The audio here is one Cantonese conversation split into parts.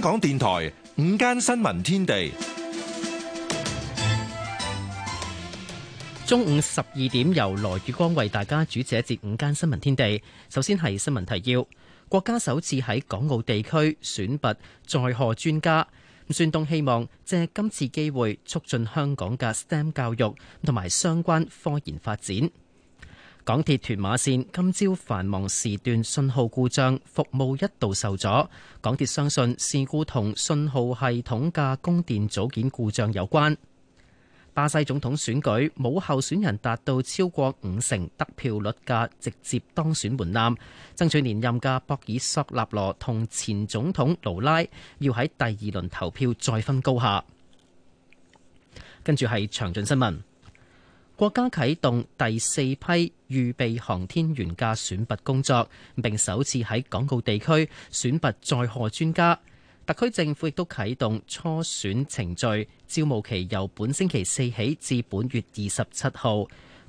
香港電台午間新聞天地，中午十二點由羅宇光為大家主持。一節午間新聞天地，首先係新聞提要：國家首次喺港澳地區選拔載荷專家。孫東希望借今次機會促進香港嘅 STEM 教育同埋相關科研發展。港鐵屯馬線今朝繁忙時段信號故障，服務一度受阻。港鐵相信事故同信號系統嘅供電組件故障有關。巴西總統選舉冇候選人達到超過五成得票率嘅直接當選門檻，爭取連任嘅博爾索納羅同前總統盧拉要喺第二輪投票再分高下。跟住係詳盡新聞。國家啟動第四批預備航天員嘅選拔工作，並首次喺港澳地區選拔載荷專家。特區政府亦都啟動初選程序，招募期由本星期四起至本月二十七號。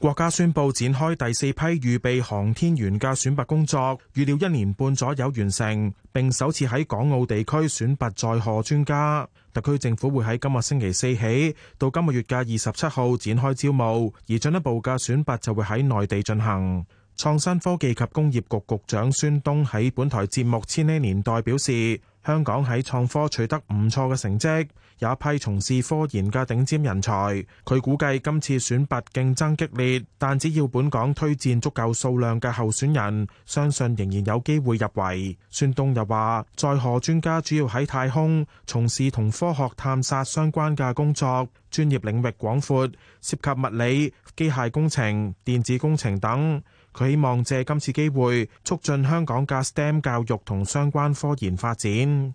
國家宣佈展開第四批預備航天員嘅選拔工作，預料一年半左右完成，並首次喺港澳地區選拔載荷專家。特區政府會喺今日星期四起到今個月嘅二十七號展開招募，而進一步嘅選拔就會喺內地進行。創新科技及工業局局，局長孫東喺本台節目《千禧年代》表示，香港喺創科取得唔錯嘅成績。有一批從事科研嘅頂尖人才，佢估計今次選拔競爭激烈，但只要本港推薦足夠數量嘅候選人，相信仍然有機會入圍。孫東又話，載荷專家主要喺太空，從事同科學探索相關嘅工作，專業領域廣闊涉及物理、機械工程、電子工程等。佢希望借今次機會促進香港嘅 STEM 教育同相關科研發展。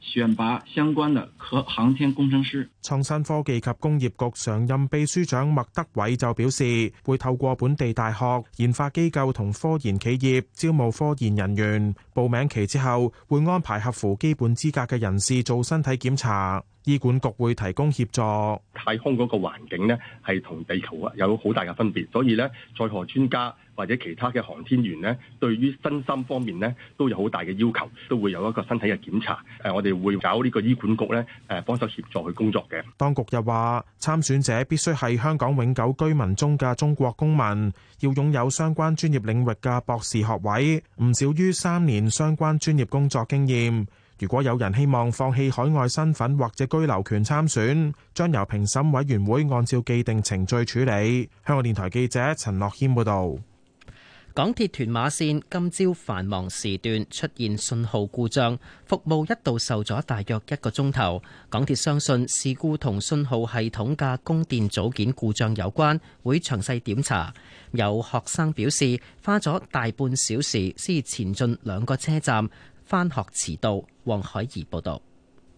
選拔相關嘅科航天工程師，創新科技及工業局常任秘書長麥德偉就表示，會透過本地大學、研發機構同科研企業招募科研人員。報名期之後，會安排合乎基本資格嘅人士做身體檢查，醫管局會提供協助。太空嗰個環境咧，係同地球啊有好大嘅分別，所以咧，載荷專家或者其他嘅航天員咧，對於身心方面咧，都有好大嘅要求，都會有一個身體嘅檢查。誒，我哋。會搞呢個醫管局咧，誒幫手協助去工作嘅。當局又話，參選者必須係香港永久居民中嘅中國公民，要擁有相關專業領域嘅博士學位，唔少於三年相關專業工作經驗。如果有人希望放棄海外身份或者居留權參選，將由評審委員會按照既定程序處理。香港電台記者陳樂軒報道。港鐵屯馬線今朝繁忙時段出現信號故障，服務一度受阻大約一個鐘頭。港鐵相信事故同信號系統嘅供電組件故障有關，會詳細檢查。有學生表示花咗大半小時先前進兩個車站，翻學遲到。黃海怡報導。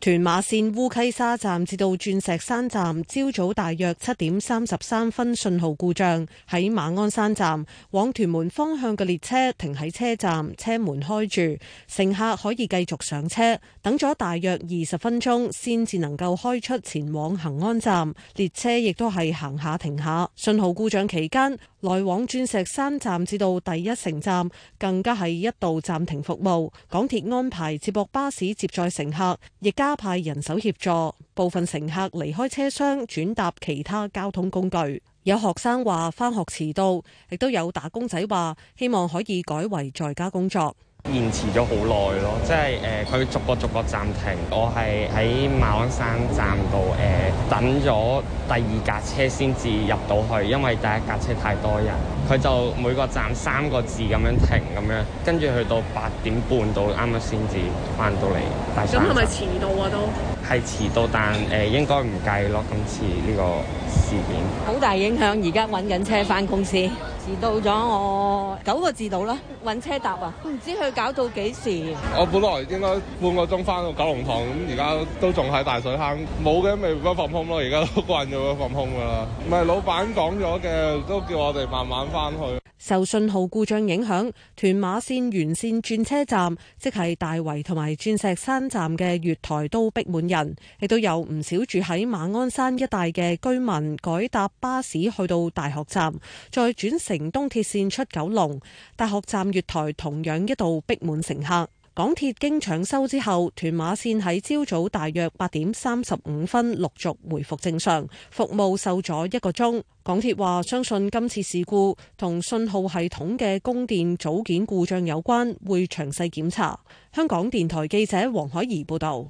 屯馬綫烏溪沙站至到鑽石山站，朝早大約七點三十三分信號故障，喺馬鞍山站往屯門方向嘅列車停喺車站，車門開住，乘客可以繼續上車。等咗大約二十分鐘，先至能夠開出前往恒安站。列車亦都係行下停下。信號故障期間，來往鑽石山站至到第一城站更加係一度暫停服務。港鐵安排接駁巴士接載乘客，亦加加派人手協助，部分乘客離開車廂轉搭其他交通工具。有學生話返學遲到，亦都有打工仔話希望可以改為在家工作。延遲咗好耐咯，即係誒、佢、呃、逐個逐個暫停。我係喺馬鞍山站度誒、呃、等咗第二架車先至入到去，因為第一架車太多人。佢就每個站三個字咁樣停，咁樣跟住去到八點半度啱啱先至翻到嚟。大咁係咪遲到啊？都係遲到，但誒、呃、應該唔計咯。今次呢個事件好大影響，而家搵緊車翻公司。遲到咗我九個字度啦，搵車搭啊，唔知佢搞到幾時，我本來應該半個鐘翻到九龍塘，咁而家都仲喺大水坑，冇嘅咪不放空咯。而家都慣咗放空噶啦，唔係老闆講咗嘅，都叫我哋慢慢翻去。受信號故障影響，屯馬線沿線轉車站，即係大圍同埋鑽石山站嘅月台都逼滿人，亦都有唔少住喺馬鞍山一帶嘅居民改搭巴士去到大學站，再轉乘東鐵線出九龍。大學站月台同樣一度逼滿乘客。港鐵經搶修之後，屯馬綫喺朝早大約八點三十五分陸續回復正常，服務受阻一個鐘。港鐵話相信今次事故同信號系統嘅供電組件故障有關，會詳細檢查。香港電台記者黃海怡報道。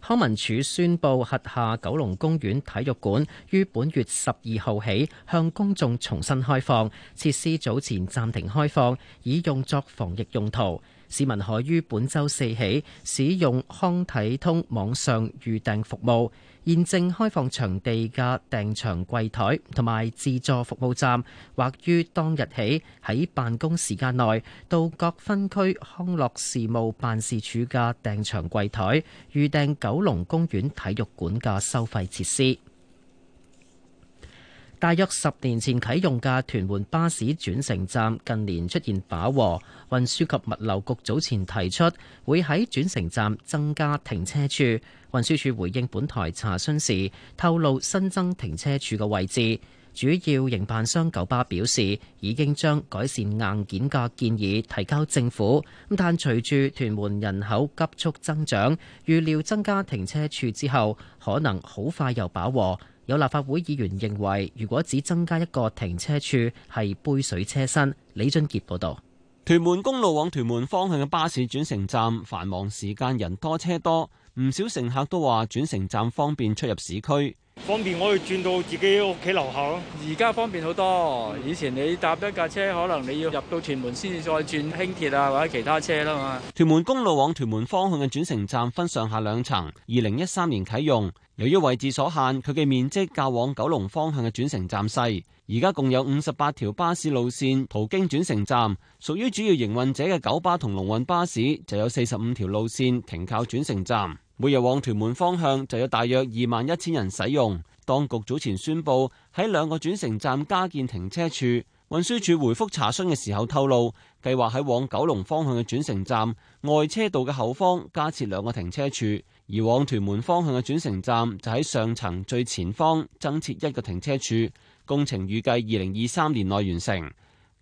康文署宣布，轄下九龍公園體育館於本月十二號起向公眾重新開放，設施早前暫停開放，以用作防疫用途。市民可於本周四起使用康體通網上預訂服務，現正開放場地嘅訂場櫃台、同埋自助服務站，或於當日起喺辦公時間內到各分區康樂事務辦事處嘅訂場櫃台預訂九龍公園體育館嘅收費設施。大約十年前啟用嘅屯門巴士轉乘站近年出現飽和，運輸及物流局早前提出會喺轉乘站增加停車處。運輸署回應本台查詢時透露，新增停車處嘅位置主要營辦商九巴表示，已經將改善硬件嘅建議提交政府。但隨住屯門人口急速增長，預料增加停車處之後，可能好快又飽和。有立法會議員認為，如果只增加一個停車處，係杯水車薪。李俊傑報導，屯門公路往屯門方向嘅巴士轉乘站，繁忙時間人多車多，唔少乘客都話轉乘站方便出入市區。方便我可以轉到自己屋企樓下咯，而家方便好多。以前你搭一架車，可能你要入到屯門先至再轉輕鐵啊，或者其他車啦嘛。屯門公路往屯門方向嘅轉乘站分上下兩層，二零一三年啟用。由於位置所限，佢嘅面積較往九龍方向嘅轉乘站細。而家共有五十八條巴士路線途經轉乘站，屬於主要營運者嘅九巴同龍運巴士就有四十五條路線停靠轉乘站。每日往屯門方向就有大約二萬一千人使用。當局早前宣布喺兩個轉乘站加建停車處。運輸署回覆查詢嘅時候透露，計劃喺往九龍方向嘅轉乘站外車道嘅後方加設兩個停車處，而往屯門方向嘅轉乘站就喺上層最前方增設一個停車處。工程預計二零二三年內完成。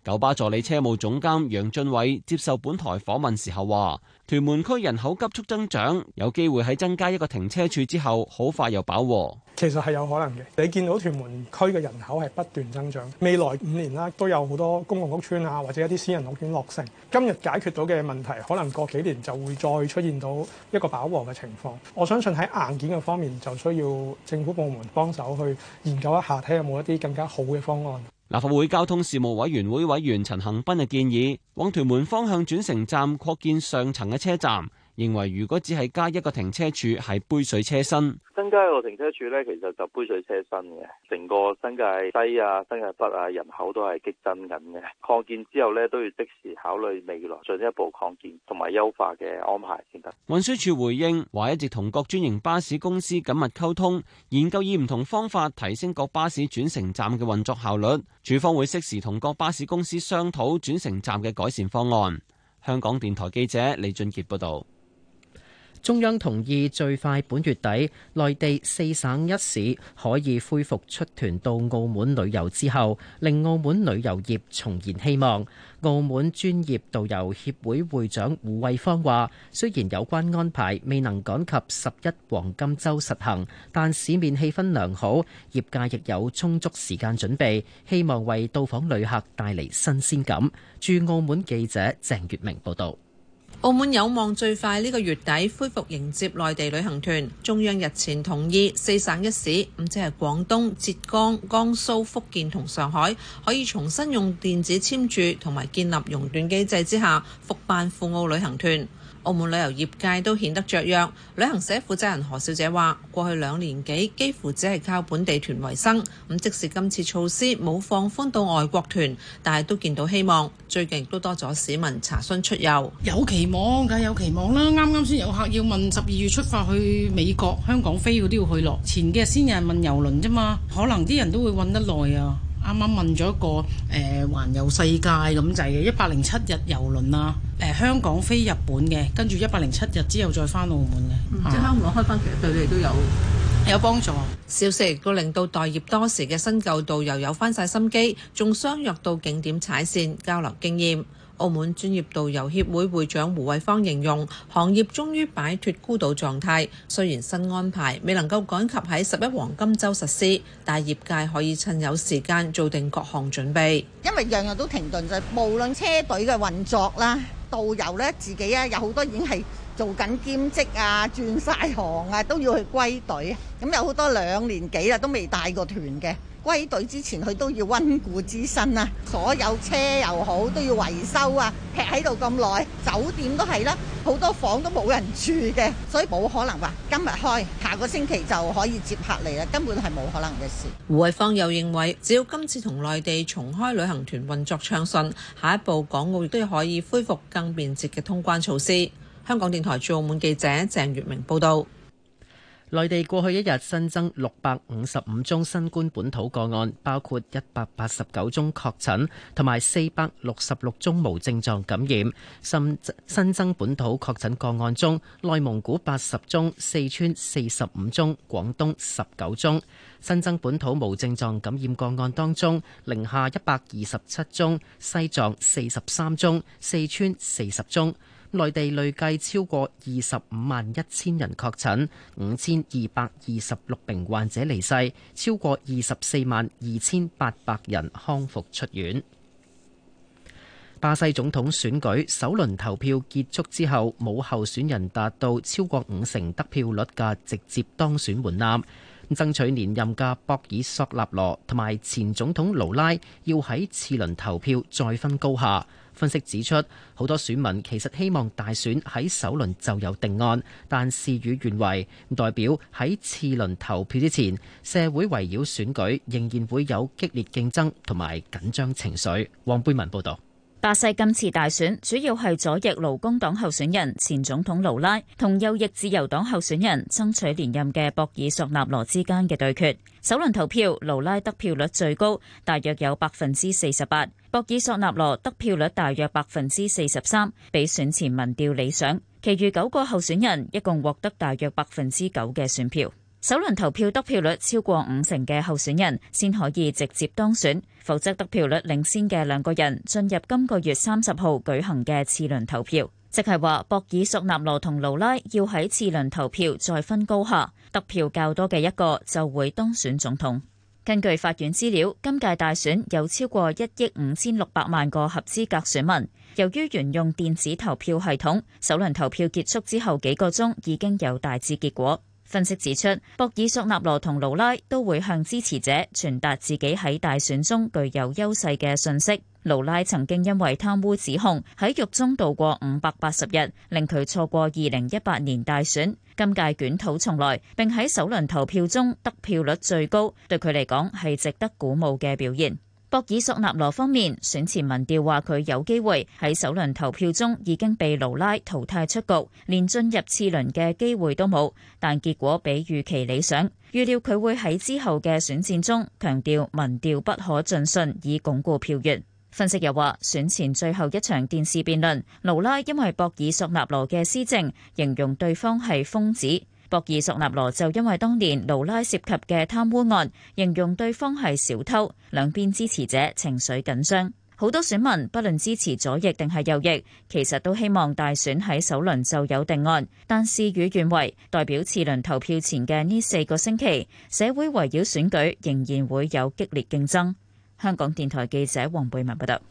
九巴助理車務總監楊俊偉接受本台訪問時候話，屯門區人口急速增長，有機會喺增加一個停車處之後，好快又飽和。其實係有可能嘅，你見到屯門區嘅人口係不斷增長，未來五年啦，都有好多公共屋邨啊，或者一啲私人屋苑落成。今日解決到嘅問題，可能過幾年就會再出現到一個飽和嘅情況。我相信喺硬件嘅方面，就需要政府部門幫手去研究一下，睇有冇一啲更加好嘅方案。立法會交通事務委員會委員陳恒鑌就建議往屯門方向轉乘站擴建上層嘅車站。認為如果只係加一個停車處係杯水車薪，增加一個停車處咧，其實就杯水車薪嘅。成個新界西啊、新界北啊，人口都係激增緊嘅。擴建之後咧，都要即時考慮未來進一步擴建同埋優化嘅安排先得。運輸署回應話，一直同各專營巴士公司緊密溝通，研究以唔同方法提升各巴士轉乘站嘅運作效率。署方會適時同各巴士公司商討轉乘站嘅改善方案。香港電台記者李俊傑報道。中央同意最快本月底，內地四省一市可以恢復出團到澳門旅遊之後，令澳門旅遊業重燃希望。澳門專業導遊協會,會會長胡衛芳話雖然有關安排未能趕及十一黃金周實行，但市面氣氛良好，業界亦有充足時間準備，希望為到訪旅客帶嚟新鮮感。駐澳門記者鄭月明報道。澳門有望最快呢個月底恢復迎接內地旅行團。中央日前同意四省一市，咁即係廣東、浙江、江蘇、福建同上海，可以重新用電子簽注同埋建立熔斷機制之下復辦赴澳旅行團。澳門旅遊業界都顯得雀躍。旅行社負責人何小姐話，過去兩年幾幾乎只係靠本地團為生。咁即使今次措施冇放寬到外國團，但係都見到希望。最近都多咗市民查詢出遊，有期望梗有期望啦。啱啱先遊客要問十二月出發去美國、香港飛，佢都要去落。前幾日先有人問郵輪啫嘛，可能啲人都會搵得耐啊。啱啱問咗一個誒、呃、環遊世界咁滯嘅一百零七日遊輪啊！誒、呃、香港飛日本嘅，跟住一百零七日之後再翻澳門嘅。嗯嗯、即係香港開翻，其實對你哋都有有幫助。消息亦都令到待業多時嘅新舊導遊有翻晒心機，仲相約到景點踩線交流經驗。澳門專業導遊協會會長胡慧芳形容，行業終於擺脫孤島狀態。雖然新安排未能夠趕及喺十一黃金周實施，但業界可以趁有時間做定各項準備。因為樣樣都停頓，就係，無論車隊嘅運作啦，導遊咧自己咧，有好多已經係。做緊兼職啊，轉曬行啊，都要去歸隊。咁有好多兩年幾啦，都未帶過團嘅。歸隊之前，佢都要溫故知新啦。所有車又好都要維修啊，劈喺度咁耐，酒店都係啦，好多房都冇人住嘅，所以冇可能話今日開，下個星期就可以接客嚟啦。根本係冇可能嘅事。胡慧芳又認為，只要今次同內地重開旅行團運作暢順，下一步港澳亦都可以恢復更便捷嘅通關措施。香港電台駐澳門記者鄭月明報道：內地過去一日新增六百五十五宗新冠本土個案，包括一百八十九宗確診，同埋四百六十六宗無症狀感染。新新增本土確診個案中，內蒙古八十宗，四川四十五宗，廣東十九宗。新增本土無症狀感染個案當中，寧夏一百二十七宗，西藏四十三宗，四川四十宗。內地累計超過二十五萬一千人確診，五千二百二十六名患者離世，超過二十四萬二千八百人康復出院。巴西總統選舉首輪投票結束之後，冇候選人達到超過五成得票率嘅直接當選門檻，爭取連任嘅博爾索納羅同埋前總統盧拉要喺次輪投票再分高下。分析指出，好多選民其實希望大選喺首輪就有定案，但事與願違，代表喺次輪投票之前，社會圍繞選舉仍然會有激烈競爭同埋緊張情緒。黃貝文報導，巴西今次大選主要係左翼勞工黨候選人前總統盧拉同右翼自由黨候選人爭取連任嘅博爾索納羅之間嘅對決。首輪投票，盧拉得票率最高，大約有百分之四十八。博爾索納羅得票率大約百分之四十三，比選前民調理想。其餘九個候選人一共獲得大約百分之九嘅選票。首輪投票得票率超過五成嘅候選人先可以直接當選，否則得票率領先嘅兩個人進入今個月三十號舉行嘅次輪投票，即係話博爾索納羅同盧拉要喺次輪投票再分高下，得票較多嘅一個就會當選總統。根據法院資料，今屆大選有超過一億五千六百萬個合資格選民。由於沿用電子投票系統，首輪投票結束之後幾個鐘已經有大致結果。分析指出，博爾索納羅同盧拉都會向支持者傳達自己喺大選中具有優勢嘅信息。盧拉曾經因為貪污指控喺獄中度過五百八十日，令佢錯過二零一八年大選。今屆捲土重來，並喺首輪投票中得票率最高，對佢嚟講係值得鼓舞嘅表現。博爾索納羅方面，選前民調話佢有機會喺首輪投票中已經被盧拉淘汰出局，連進入次輪嘅機會都冇，但結果比預期理想。預料佢會喺之後嘅選戰中強調民調不可盡信，以鞏固票源。分析又話，選前最後一場電視辯論，盧拉因為博爾索納羅嘅施政，形容對方係瘋子；博爾索納羅就因為當年盧拉涉及嘅貪污案，形容對方係小偷。兩邊支持者情緒緊張，好多選民，不論支持左翼定係右翼，其實都希望大選喺首輪就有定案，但事與願違，代表次輪投票前嘅呢四個星期，社會圍繞選舉仍然會有激烈競爭。香港電台記者黃貝文報道，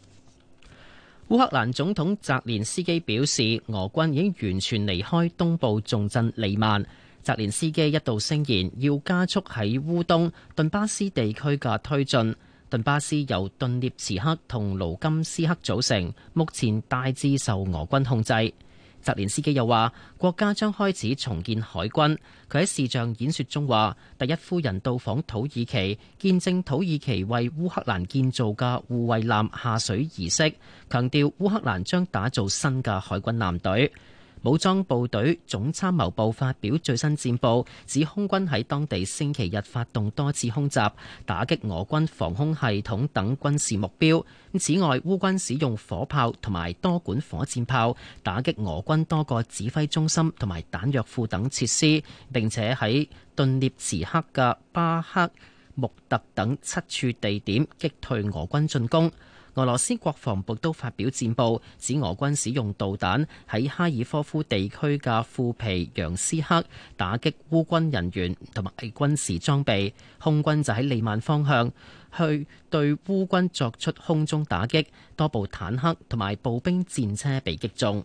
烏克蘭總統澤連斯基表示，俄軍已經完全離開東部重鎮利曼。澤連斯基一度聲言要加速喺烏東頓巴斯地區嘅推進。頓巴斯由頓涅茨克同盧甘斯克組成，目前大致受俄軍控制。澤連斯基又話，國家將開始重建海軍。佢喺視像演說中話，第一夫人到訪土耳其，見證土耳其為烏克蘭建造嘅護衛艦下水儀式，強調烏克蘭將打造新嘅海軍艦隊。武裝部隊總參謀部發表最新戰報，指空軍喺當地星期日發動多次空襲，打擊俄軍防空系統等軍事目標。此外，烏軍使用火炮同埋多管火箭炮打擊俄軍多個指揮中心同埋彈藥庫等設施，並且喺頓涅茨克嘅巴克穆特等七處地點擊退俄軍進攻。俄羅斯國防部都發表戰報，指俄軍使用導彈喺哈爾科夫地區嘅庫皮揚斯克打擊烏軍人員同埋軍事裝備，空軍就喺利曼方向去對烏軍作出空中打擊，多部坦克同埋步兵戰車被擊中。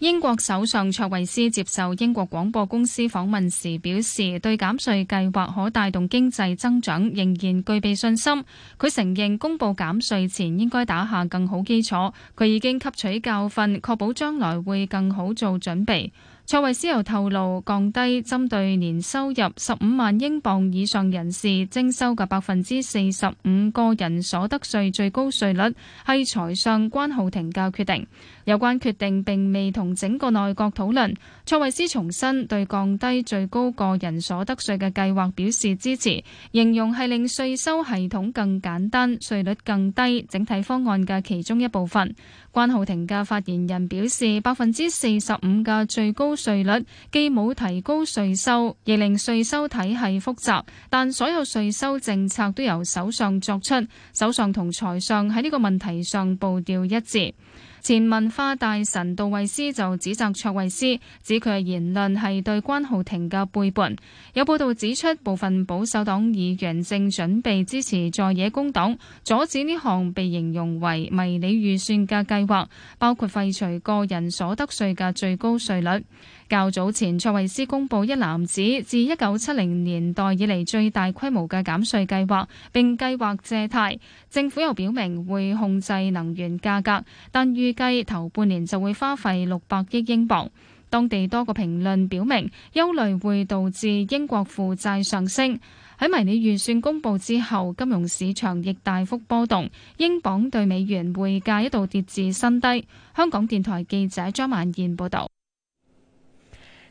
英國首相卓慧思接受英國廣播公司訪問時表示，對減稅計劃可帶動經濟增長仍然具備信心。佢承認公布減稅前應該打下更好基礎，佢已經吸取教訓，確保將來會更好做準備。蔡慧斯又透露，降低針對年收入十五萬英鎊以上人士徵收嘅百分之四十五個人所得稅最高稅率，係財相關浩庭嘅決定。有關決定並未同整個內閣討論。蔡慧斯重申對降低最高個人所得稅嘅計劃表示支持，形容係令稅收系統更簡單，稅率更低，整體方案嘅其中一部分。關浩庭嘅發言人表示，百分之四十五嘅最高稅率既冇提高稅收，而令稅收體系複雜，但所有稅收政策都由首相作出，首相同財相喺呢個問題上步調一致。前文化大臣杜慧斯就指責卓慧斯，指佢嘅言論係對關浩庭嘅背叛。有報道指出，部分保守黨議員正準備支持在野工黨阻止呢項被形容為迷你預算嘅計劃，包括廢除個人所得稅嘅最高稅率。較早前，卓慧思公布一男子自一九七零年代以嚟最大規模嘅減稅計劃，並計劃借貸。政府又表明會控制能源價格，但預計頭半年就會花費六百億英鎊。當地多個評論表明憂慮會導致英國負債上升。喺迷你預算公布之後，金融市場亦大幅波動，英鎊兌美元匯價一度跌至新低。香港電台記者張曼燕報道。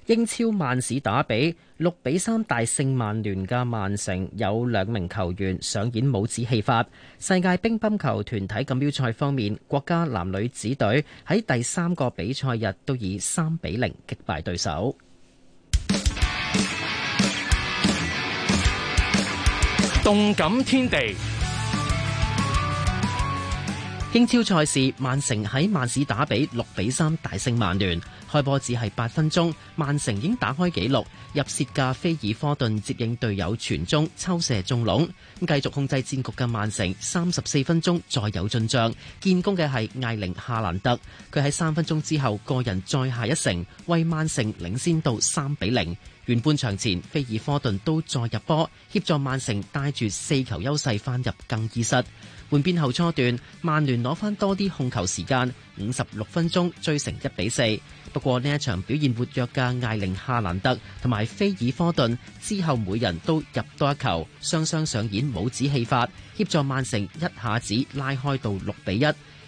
英超曼市打比六比三大勝曼聯嘅曼城有兩名球員上演帽子戲法。世界乒乓球團體錦標賽方面，國家男女子隊喺第三個比賽日都以三比零擊敗對手。動感天地，英超賽事曼城喺曼市打比六比三大勝曼聯。開波只係八分鐘，曼城已經打開紀錄，入楔嘅菲爾科頓接應隊友傳中，抽射中籠。咁繼續控制戰局嘅曼城，三十四分鐘再有進賬，建功嘅係艾靈夏蘭特。佢喺三分鐘之後個人再下一城，為曼城領先到三比零。完半場前，菲爾科頓都再入波，協助曼城帶住四球優勢返入更衣室。換邊後初段，曼聯攞翻多啲控球時間，五十六分鐘追成一比四。不過呢一場表現活躍嘅艾靈、夏蘭德同埋菲爾科頓之後，每人都入多一球，雙雙上演帽子戲法，協助曼城一下子拉開到六比一。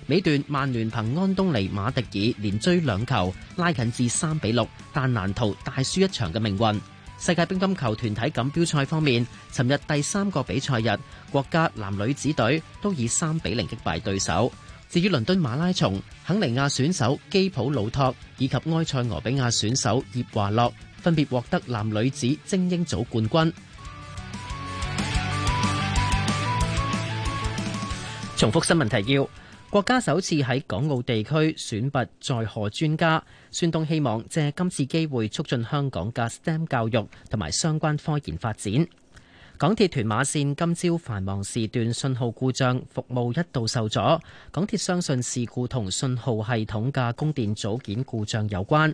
尾段，曼聯憑安東尼馬迪爾連追兩球，拉近至三比六，但難逃大輸一場嘅命運。世界乒乓球團體錦標賽方面，尋日第三個比賽日，國家男女子隊都以三比零擊敗對手。至於倫敦馬拉松，肯尼亞選手基普魯托，以及埃塞俄比亞選手葉華洛，分別獲得男女子精英組冠軍。重複新聞提要。國家首次喺港澳地區選拔載荷專家，孫東希望借今次機會促進香港嘅 STEM 教育同埋相關科研發展。港鐵屯馬線今朝繁忙時段信號故障，服務一度受阻。港鐵相信事故同信號系統嘅供電組件故障有關。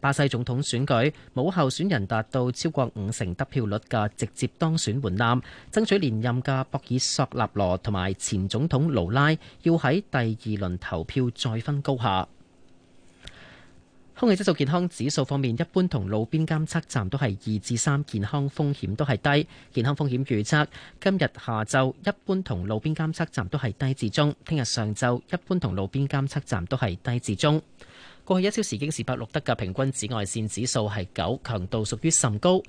巴西總統選舉冇候選人達到超過五成得票率嘅直接當選門檻，爭取連任嘅博爾索納羅同埋前總統盧拉要喺第二輪投票再分高下。空氣質素健康指數方面，一般同路邊監測站都係二至三，3，健康風險都係低。健康風險預測今日下晝一般同路邊監測站都係低至中，聽日上晝一般同路邊監測站都係低至中。過去一小時京士柏錄得嘅平均紫外線指數係九，強度屬於甚高。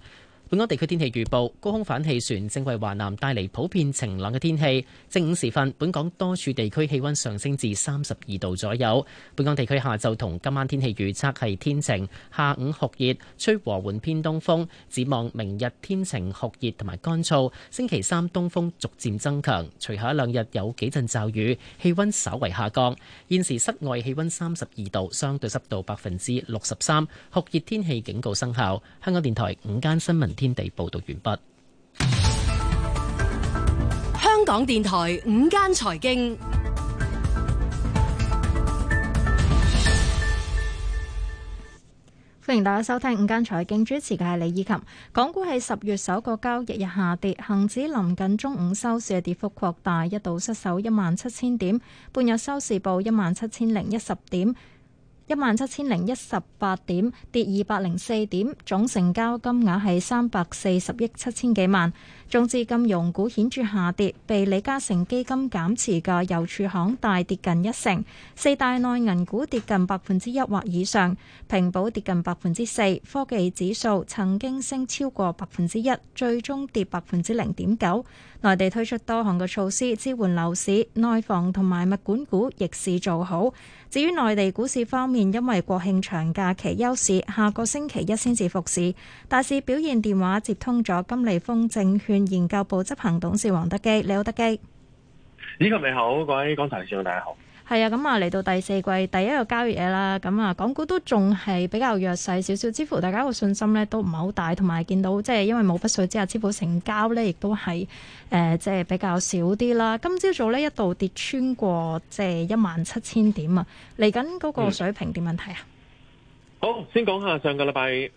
本港地區天氣預報，高空反氣旋，正為華南帶嚟普遍晴朗嘅天氣。正午時分，本港多處地區氣溫上升至三十二度左右。本港地區下晝同今晚天氣預測係天晴，下午酷熱，吹和緩偏東風，展望明日天晴酷熱同埋乾燥，星期三東風逐漸增強，隨後一兩日有幾陣驟雨，氣溫稍為下降。現時室外氣溫三十二度，相對濕度百分之六十三，酷熱天氣警告生效。香港電台午間新聞。天地報道完畢。香港電台午間財經，歡迎大家收聽午間財經，主持嘅係李以琴。港股係十月首個交易日下跌，恒指臨近中午收市嘅跌幅擴大，一度失守一萬七千點，半日收市報一萬七千零一十點。一萬七千零一十八點，跌二百零四點，總成交金額係三百四十億七千幾萬。中資金融股顯著下跌，被李嘉誠基金減持嘅郵儲行大跌近一成；四大內銀股跌近百分之一或以上，平保跌近百分之四。科技指數曾經升超過百分之一，最終跌百分之零點九。內地推出多項嘅措施支援樓市，內房同埋物管股逆市做好。至於內地股市方面，因為國慶長假期休市，下個星期一先至復市。大市表現，電話接通咗，金利豐證券。研究部執行董事王德基，你好，德基，呢個你好，各位港台市場大家好，係啊。咁啊，嚟到第四季第一個交易日啦，咁啊，港股都仲係比較弱勢少，少少，似乎大家個信心呢都唔係好大，同埋見到即係因為冇北水之下，支付成交呢亦都係誒、呃，即係比較少啲啦。今朝早呢一度跌穿過即係一萬七千點啊，嚟緊嗰個水平點樣睇啊？嗯好，先講下上個禮拜誒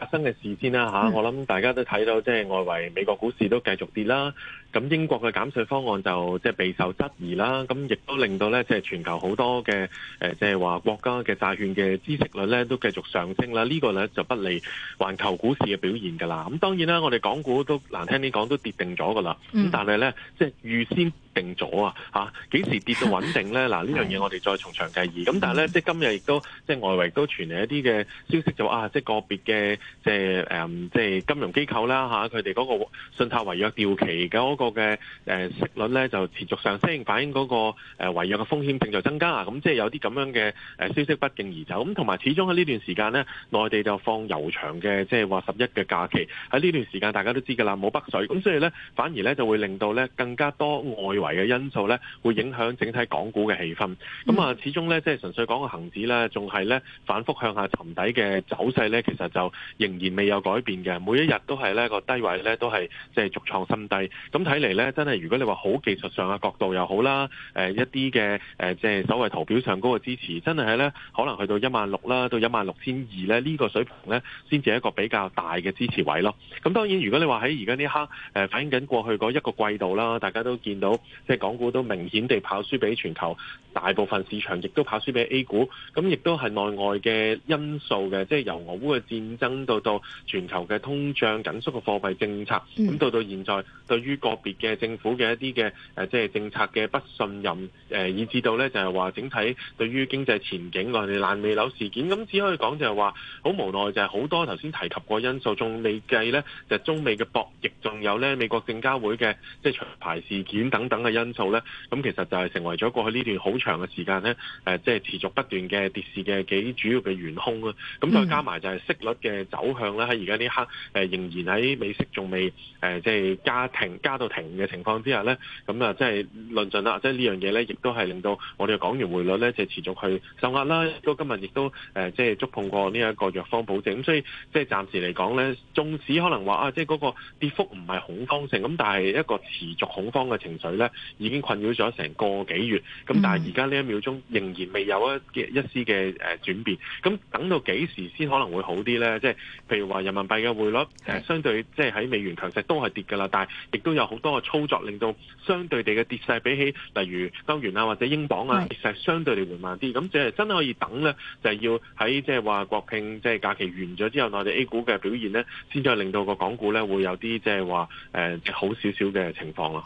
發生嘅事先啦吓、啊，我諗大家都睇到即係、就是、外圍美國股市都繼續跌啦。咁英國嘅減稅方案就即係備受質疑啦。咁亦都令到咧即係全球好多嘅誒，即係話國家嘅債券嘅孳息率咧都繼續上升啦。這個、呢個咧就不利環球股市嘅表現噶啦。咁當然啦，我哋港股都難聽啲講都跌定咗噶啦。咁、嗯、但係咧即係預先。定咗啊！嚇，幾時跌到穩定咧？嗱，呢樣嘢我哋再從長計議。咁但係咧，即係今日亦都即係外圍都傳嚟一啲嘅消息，就啊，即係個別嘅即係誒，即係、嗯、金融機構啦嚇，佢哋嗰個信貸違約掉期嘅嗰個嘅誒息率咧，就持續上升，反映嗰個誒違約嘅風險並就增加啊！咁即係有啲咁樣嘅誒消息不脛而走。咁同埋始終喺呢段時間咧，內地就放悠長嘅即係話十一嘅假期，喺呢段時間，大家都知㗎啦，冇北水，咁所以咧反而咧就會令到咧更加多外為嘅因素咧，會影響整體港股嘅氣氛。咁啊，始終咧，即係純粹講個恒指咧，仲係咧反覆向下沉底嘅走勢咧，其實就仍然未有改變嘅。每一日都係咧個低位咧，都係即係逐創新低。咁睇嚟咧，真係如果你話好技術上嘅角度又好啦，誒一啲嘅誒即係所謂圖表上嗰個支持，真係喺咧可能去到一萬六啦，到一萬六千二咧呢個水平咧，先至係一個比較大嘅支持位咯。咁、嗯、當然，如果你話喺而家呢刻誒、呃、反映緊過去嗰一個季度啦，大家都見到。即係港股都明顯地跑輸俾全球大部分市場，亦都跑輸俾 A 股，咁亦都係內外嘅因素嘅，即係由俄烏嘅戰爭到到全球嘅通脹、緊縮嘅貨幣政策，咁到到現在對於個別嘅政府嘅一啲嘅誒即係政策嘅不信任，誒以至到咧就係話整體對於經濟前景，我哋爛尾樓事件，咁只可以講就係話好無奈，就係好多頭先提及過因素，仲未計咧就係中美嘅博弈，仲有咧美國證交會嘅即係長牌事件等等。嘅、嗯嗯、因，因素咧，咁其實就係成為咗過去呢段好長嘅時間咧，誒，即係持續不斷嘅跌市嘅幾主要嘅元兇啦。咁再加埋就係息率嘅走向啦。喺而家呢刻，誒仍然喺美息仲未誒，即係加停加到停嘅情況之下咧，咁啊，即係論盡啦。即係呢樣嘢咧，亦都係令到我哋嘅港元匯率咧，就係持續去受壓啦。都今日亦都誒，即係觸碰過呢一個弱方保證。咁所以即係暫時嚟講咧，縱使可能話啊，即係嗰個跌幅唔係恐慌性，咁但係一個持續恐慌嘅情緒咧。已經困擾咗成個幾月，咁但係而家呢一秒鐘仍然未有一一絲嘅誒轉變。咁、嗯、等到幾時先可能會好啲呢？即、就、係、是、譬如話人民幣嘅匯率誒，是相對即係喺美元強勢都係跌㗎啦。但係亦都有好多嘅操作，令到相對地嘅跌勢比起例如歐元啊或者英鎊啊，是其實相對地緩慢啲。咁即係真可以等呢，就係、是、要喺即係話國慶即係假期完咗之後，內地 A 股嘅表現呢，先再令到個港股呢會有啲即係話誒好少少嘅情況啦。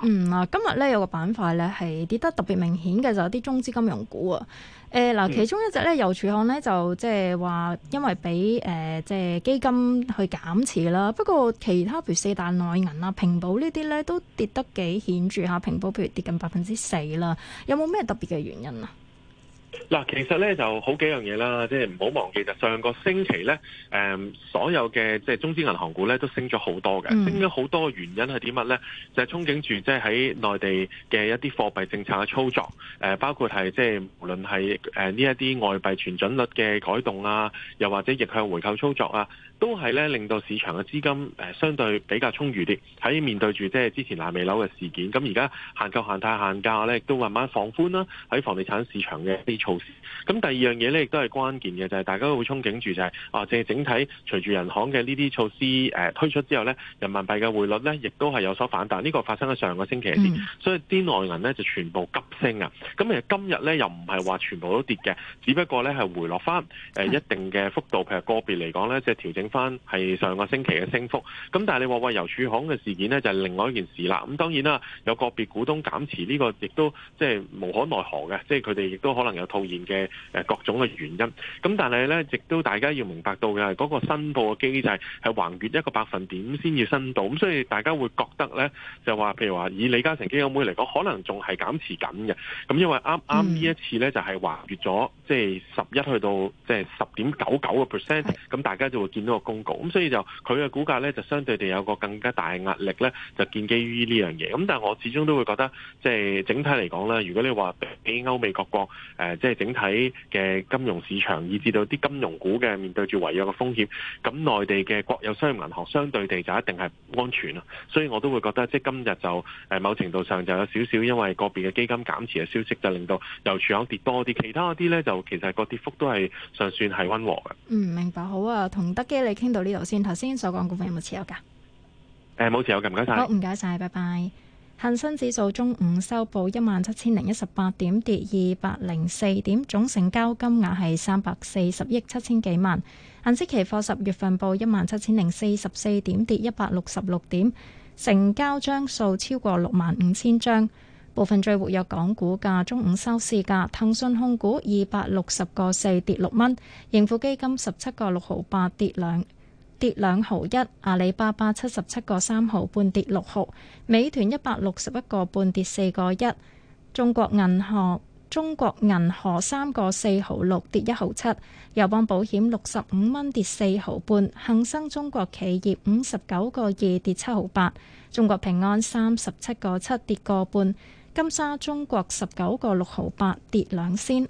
今日咧。嗯嗯個板塊咧係跌得特別明顯嘅，就有啲中資金融股啊。誒，嗱，其中一隻咧，郵儲行咧就即係話，因為俾誒即係基金去減持啦。不過其他譬如四大內銀啊、平保呢啲咧，都跌得幾顯著吓。平保譬如跌近百分之四啦，有冇咩特別嘅原因啊？嗱，其實咧就好幾樣嘢啦，即係唔好忘記，就上個星期咧，誒所有嘅即係中資銀行股咧都升咗好多嘅，升咗好多，原因係點乜咧？就係、是、憧憬住即係喺內地嘅一啲貨幣政策嘅操作，誒包括係即係無論係誒呢一啲外幣存準率嘅改動啊，又或者逆向回購操作啊，都係咧令到市場嘅資金誒相對比較充裕啲，喺面對住即係之前爛尾樓嘅事件，咁而家限購、限貸、限價咧亦都慢慢放寬啦、啊，喺房地產市場嘅措咁第二樣嘢咧，亦都係關鍵嘅，就係、是、大家都會憧憬住就係、是，啊，即係整體隨住人行嘅呢啲措施誒、呃、推出之後咧，人民幣嘅匯率咧，亦都係有所反彈。呢、這個發生喺上個星期跌，嗯、所以啲內銀咧就全部急升啊！咁其實今日咧又唔係話全部都跌嘅，只不過咧係回落翻誒一定嘅幅度。譬如個別嚟講咧，即係調整翻係上個星期嘅升幅。咁但係你話喂，郵、呃、儲行嘅事件咧就係、是、另外一件事啦。咁當然啦，有個別股東減持呢個，亦都即係無可奈何嘅，即係佢哋亦都可能有。出現嘅誒各種嘅原因，咁但係咧，亦都大家要明白到嘅係嗰個申報嘅機制係橫越一個百分點先至申報，咁所以大家會覺得咧就話，譬如話以李嘉誠基金會嚟講，可能仲係減持緊嘅，咁因為啱啱呢一次咧就係橫越咗即係十一去到即係十點九九個 percent，咁大家就會見到個公告，咁所以就佢嘅股價咧就相對地有個更加大壓力咧，就建基於呢樣嘢，咁但係我始終都會覺得即係整體嚟講咧，如果你話比歐美各國誒。即係整體嘅金融市場，以至到啲金融股嘅面對住違約嘅風險，咁內地嘅國有商業銀行相對地就一定係安全啊，所以我都會覺得即係今日就誒、呃、某程度上就有少少因為個別嘅基金減持嘅消息，就令到郵儲行跌多啲，其他嗰啲咧就其實個跌幅都係尚算係溫和嘅。嗯，明白，好啊，同德基你傾到呢度先。頭先所講股份有冇持有㗎？誒冇、呃、持有㗎，唔該晒。好，唔該晒，拜拜。恒生指數中午收報一萬七千零一十八點，跌二百零四點，總成交金額係三百四十億七千幾萬。恒指期貨十月份報一萬七千零四十四點，跌一百六十六點，成交張數超過六萬五千張。部分最活躍港股價中午收市價，騰訊控股二百六十個四跌六蚊，盈富基金十七個六毫八跌兩。跌兩毫一，阿里巴巴七十七個三毫半跌六毫，美團一百六十一個半跌四個一，中國銀行中國銀行三個四毫六跌一毫七，友邦保險六十五蚊跌四毫半，恒生中國企業五十九個二跌七毫八，中國平安三十七個七跌個半，金沙中國十九個六毫八跌兩仙。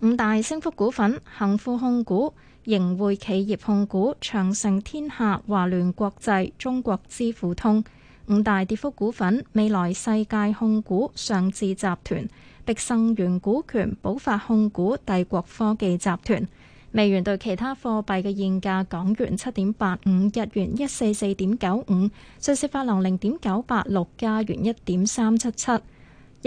五大升幅股份：恆富控股。盈匯企業控股、長盛天下、華聯國際、中國支付通。五大跌幅股份，未來世界控股、上智集團、碧生源股權、寶發控股、帝國科技集團。美元兌其他貨幣嘅現價：港元七點八五，日元一四四點九五，瑞士法郎零點九八六，加元一點三七七。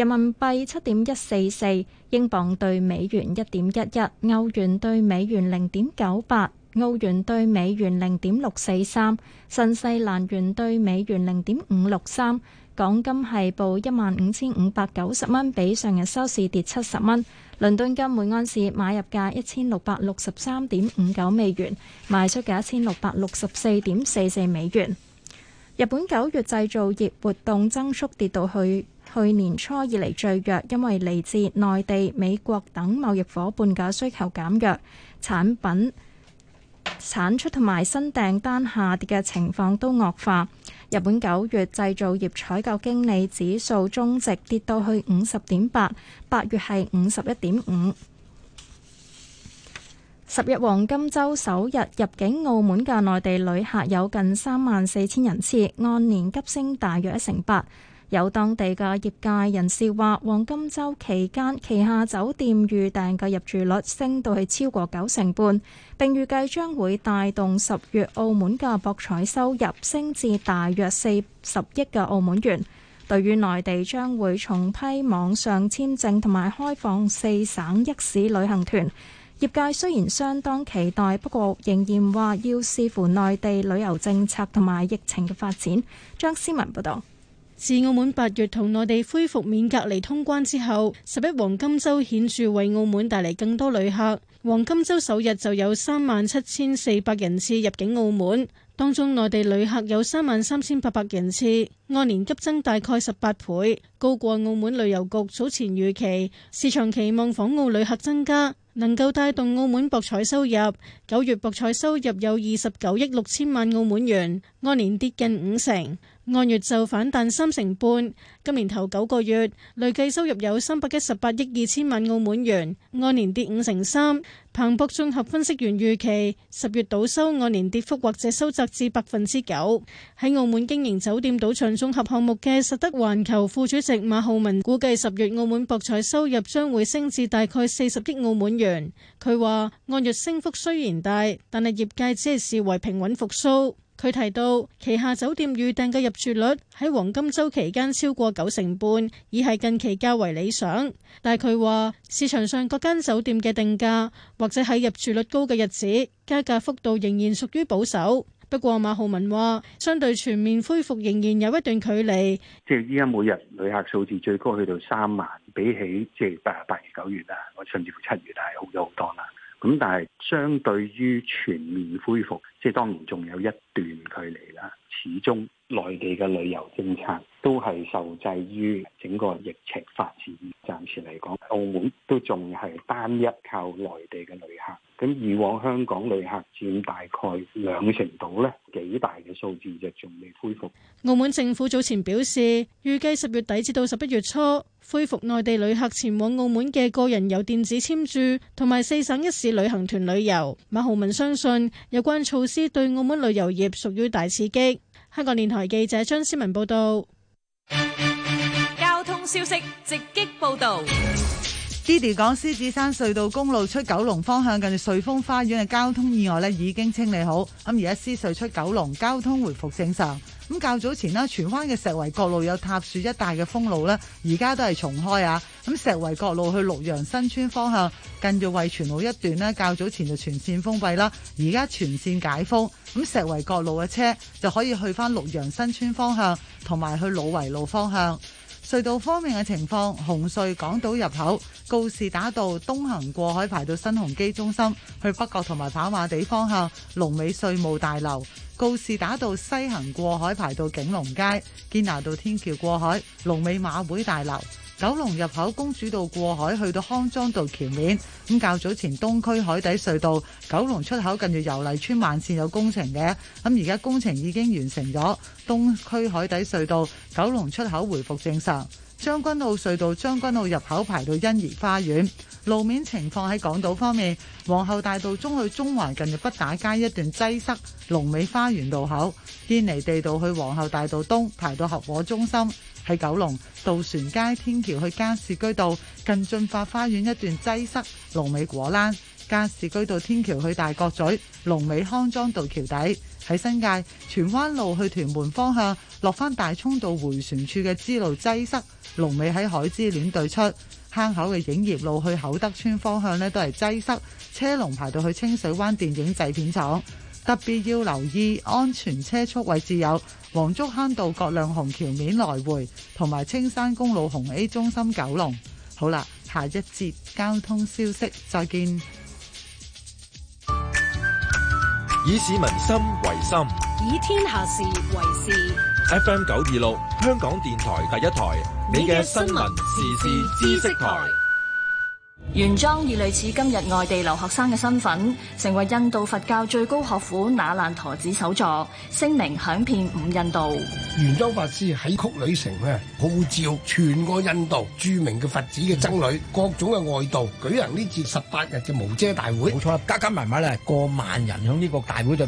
人民幣七點一四四，英鎊兌美元一點一一，歐元兌美元零點九八，澳元兌美元零點六四三，新西蘭元兌美元零點五六三。港金係報一萬五千五百九十蚊，比上日收市跌七十蚊。倫敦金每安士買入價一千六百六十三點五九美元，賣出價一千六百六十四點四四美元。日本九月製造業活動增速跌到去去年初以嚟最弱，因為嚟自內地、美國等貿易夥伴嘅需求減弱，產品產出同埋新訂單下跌嘅情況都惡化。日本九月製造業採購經理指數終值跌到去五十點八，八月係五十一點五。十月黃金週首日入境澳門嘅內地旅客有近三萬四千人次，按年急升大約一成八。有當地嘅業界人士話，黃金週期間旗下酒店預訂嘅入住率升到去超過九成半，並預計將會帶動十月澳門嘅博彩收入升至大約四十億嘅澳門元。對於內地將會重批網上簽證同埋開放四省一市旅行團，業界雖然相當期待，不過仍然話要視乎內地旅遊政策同埋疫情嘅發展。張思文報道：自澳門八月同內地恢復免隔離通關之後，十一黃金周顯著為澳門帶嚟更多旅客。黃金周首日就有三萬七千四百人次入境澳門。當中內地旅客有三萬三千八百人次，按年急增大概十八倍，高過澳門旅遊局早前預期。市場期望訪澳旅客增加，能夠帶動澳門博彩收入。九月博彩收入有二十九億六千萬澳門元，按年跌近五成。按月就反彈三成半，今年頭九個月累計收入有三百一十八億二千萬澳門元，按年跌五成三。彭博綜合分析員預期十月賭收按年跌幅或者收窄至百分之九。喺澳門經營酒店賭場綜合項目嘅實德環球副主席馬浩文估計十月澳門博彩收入將會升至大概四十億澳門元。佢話按月升幅雖然大，但係業界只係視為平穩復甦。佢提到旗下酒店預訂嘅入住率喺黃金周期間超過九成半，已係近期較為理想。但係，佢話市場上各間酒店嘅定價或者喺入住率高嘅日子加價幅度仍然屬於保守。不過馬浩文話相對全面恢復仍然有一段距離，即係依家每日旅客數字最高去到三萬比起即係八八月、九月啊，我甚至乎七月係好咗好多啦。咁但係相對於全面恢復，即係當然仲有一段距離啦。始終內地嘅旅遊政策，都係受制於整個疫情發展，暫時嚟講，澳門都仲係單一靠內地嘅旅客。咁以往香港旅客佔大概兩成度咧，幾大嘅數字就仲未恢復。澳門政府早前表示，預計十月底至到十一月初恢復內地旅客前往澳門嘅個人遊電子簽注同埋四省一市旅行團旅遊。馬浩文相信有關措施對澳門旅遊業屬於大刺激。香港電台記者張思文報道。交通消息直擊報道，Diddy 講獅子山隧道公路出九龍方向近住瑞峰花園嘅交通意外咧已經清理好，咁而家獅隧出九龍交通回復正常。咁較早前啦，荃灣嘅石圍角路有塌樹一帶嘅封路咧，而家都係重開啊！咁石圍角路去綠楊新村方向，近住衛荃路一段呢，較早前就全線封閉啦，而家全線解封，咁石圍角路嘅車就可以去返綠楊新村方向，同埋去老圍路方向。隧道方面嘅情況，紅隧港島入口告士打道東行過海排到新鴻基中心，去北角同埋跑馬地方向龍尾稅務大樓；告士打道西行過海排到景隆街堅拿道天橋過海龍尾馬會大樓。九龍入口公主道過海去到康莊道橋面，咁較早前東區海底隧道九龍出口近住油麗邨慢線有工程嘅，咁而家工程已經完成咗，東區海底隧道九龍出口回復正常。將軍澳隧道將軍澳入口排到欣怡花園，路面情況喺港島方面，皇后大道中去中環近住畢打街一段擠塞，龍尾花園路口堅尼地道去皇后大道東排到合和中心。喺九龍渡船街天橋去加士居道近駿發花園一段擠塞，龍尾果欄；加士居道天橋去大角咀龍尾康莊道橋底；喺新界荃灣路去屯門方向落翻大涌道回旋處嘅支路擠塞，龍尾喺海之戀對出。坑口嘅影業路去厚德村方向呢都係擠塞，車龍排到去清水灣電影製片廠。特別要留意安全車速位置，有黃竹坑道葛量洪橋面，來回同埋青山公路紅 A 中心九龍。好啦，下一節交通消息，再見。以市民心為心，以天下事為事。FM 九二六，香港電台第一台，你嘅新聞時事知識台。玄奘以類似今日外地留學生嘅身份，成為印度佛教最高學府那爛陀寺首座，聲名響遍五印度。玄奘法師喺曲女城咧，號召全個印度著名嘅佛寺嘅僧侶、各種嘅外道，舉行呢次十八日嘅無遮大會。冇錯，加加埋埋咧，過萬人響呢個大會度。